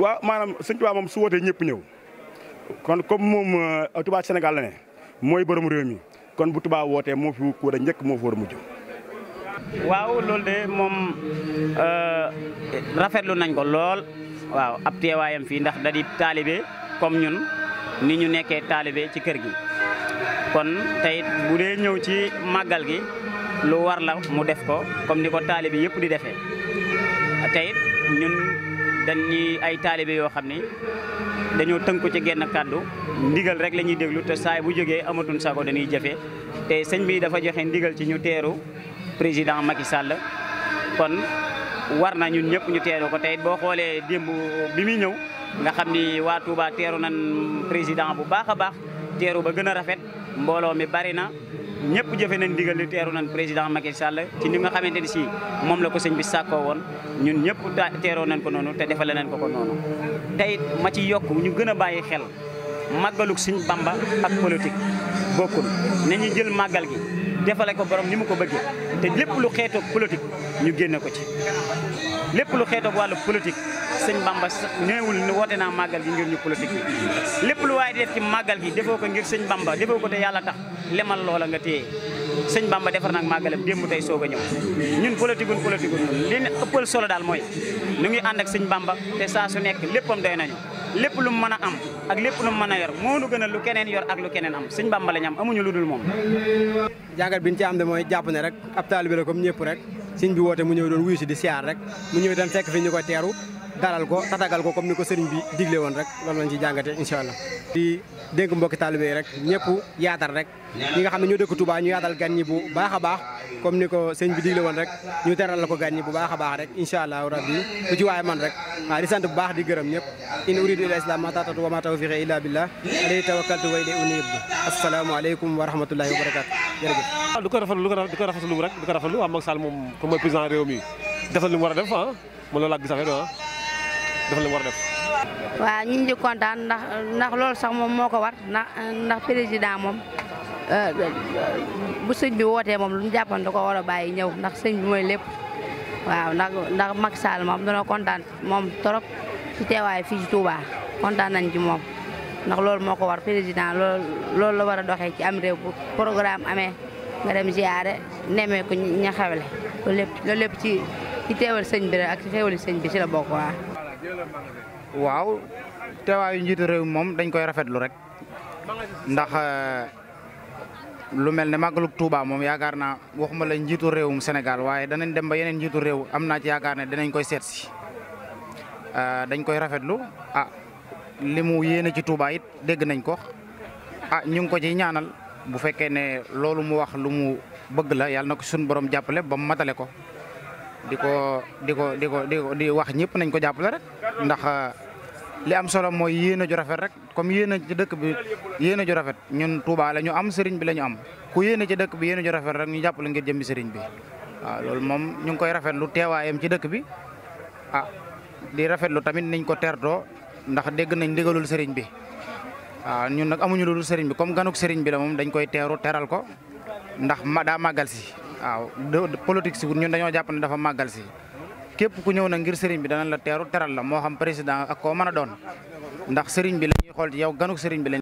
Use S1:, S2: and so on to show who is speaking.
S1: waaw maanam sëñ Tuubaa moom su wootee ñëpp ñëw kon comme moom euh, Tuubaa Sénégal la ne mooy borom réew mi kon bu Tuubaa wootee moo fi war a njëkk moo fi war a
S2: waaw loolu de moom euh, rafetlu nañ ko lool waaw ab teewaayam fii ndax da di taalibe comme ñun ni ñu nekkee taalibe ci kër gi. kon tey bu dee ñëw ci màggal gi lu war la mu def ko comme ni ko taalibe yépp di defee tey ñun. dañ ñi ay taalibe yoo xam ni dañoo tënku ci genn kàddu ndigal rek lañuy déglu te saay bu jógee amatuñ sago dañuy jëfee te sëñ bi dafa joxe ndigal ci ñu teeru président Macky Sall kon war na ñun ñëpp ñu teeru ko tey boo xoolee démb bi muy ñëw nga xam ni waatu baa teeru nan président bu baax a baax teeru ba gën a rafet mbooloo mi bari na ñëpp jëfe nañ digal li teeru nañ président Macky Sall ci ni nga xamante ni si moom la ko sëñ bi sàkkoo woon ñun ñëpp teeroo nañ ko noonu te defale nañ ko ko noonu tey ma ci yokk ñu gën a bàyyi xel màggaluk sëñ Bamba ak politique bokkut nañu jël màggal gi defale ko borom ni mu ko bëggee te lépp lu xeetoog politique ñu génne ko ci lépp lu xeetoog wàllu politique sëñ Bamba néewul ne woote naa màggal gi ngir ñu politique lépp lu waaye def ci màggal gi defoo ko ngir sëñ Bamba defoo ko te yàlla tax lemal loola nga téye sëñ Bamba defar nag màggalam démb tey soog a ñëw ñun politique gun politique gun li ñu ëppal solo daal mooy nu ngi ànd ak sëñ Bamba te saa su nekk léppam doy nañu lépp lu mën a am ak lépp lu mën a yor moo nu gën a lu keneen yor ak lu keneen am sëñ Bamba la ñu am lu dul moom
S1: jàngat bi ñu ci am de mooy jàpp ne rek ab taalibe la comme ñëpp rek sëñ bi woote mu ñëw doon wuyu si di siyaar rek mu ñëw itam fekk fi ñu koy teeru dalal ko tatagal ko comme ni ko sëriñ bi digle woon rek loolu lañ ci jàngatee incha allah. di dénk mbokki taalibe yi rek ñëpp yaatal rek ñi nga xam ne ñoo dëkk Touba ñu yaatal gan ñi bu baax a baax comme ni ko sëñ bi digle woon rek ñu teral la ko gan ñi bu baax a baax rek incha allah rabbi lu ci waaye man rek waaw di sant bu baax di gërëm ñëpp in uridu ila islam ma tatatu wa ma tawfiqi illa billah alayhi tawakkaltu wa ilayhi unib assalaamu aleykum jërëjëf waaw ah, du ko rafetlu du ko rafetlu du ko rafetlu rek du ko rafetlu waaw Macky Sall moom comme mooy président réew mi def na li mu war a def ah man loolu laa gis affaire ah def na li mu war def.
S3: waaw ñu ngi kontaan ndax ndax loolu sax moom moo ko war ndax ndax président moom bu sëñ bi wootee moom lu mu jàppoon da ko war a bàyyi ñëw ndax sëñ bi mooy lépp waaw ndax ndax saal Sall moom danoo kontaan moom torop ci teewaay fii ci Touba kontaan nañ ci moom. ndax loolu moo ko war président loolu loolu la war a doxee ci am réew programme amee nga dem ziare nemee ko ña xawle loolu ci ci teewal sëñ bi ak ci xéewali sëñ bi ci la bokk waa
S4: waaw teewaayu njiitu réew moom dañ koy rafetlu rek ndax euh, lu mel ne màggalug Touba moom yaakaar naa waxuma la njiitu réewum Sénégal waaye danañ dem ba yeneen njiitu réew am naa ci ne danañ koy seet si euh, dañ koy rafetlu ah limu mu yéene ci Touba it dégg nañ ko a ah, ñu ngi ko ci ñaanal bu fekkee ne loolu mu wax lu mu bëgg la yàlla na ko suñu borom jàppale ba mu matale ko di ko di ko di ko di wax ñëpp nañ ko jàppale rek ndax li am solo mooy yéene ju rafet rek comme yéene ci dëkk bi yéene ju rafet ñun Touba la ñu am sëriñ bi la ñu am ku yéene ci dëkk bi yéene ju rafet rek ñu jàppale ngir jëmmi sëriñ bi waaw ah, loolu moom ñu ngi koy rafet rafetlu teewaayam ci dëkk bi ah di rafetlu tamit niñ ko tertoo ndax dégg nañ ndigalul sëriñ bi waaw ñun nag amuñu loolu sëriñ bi comme ganuk sëriñ bi la moom dañ koy teeru teral ko ndax ma daa màggal si waaw politique si ñun dañoo jàpp ne dafa màggal si képp ku ñëw na ngir sëriñ bi danañ la teeru teral la moo xam président ak koo mën a doon ndax sëriñ bi la ñuy xool yow ganuk sëriñ bi lañ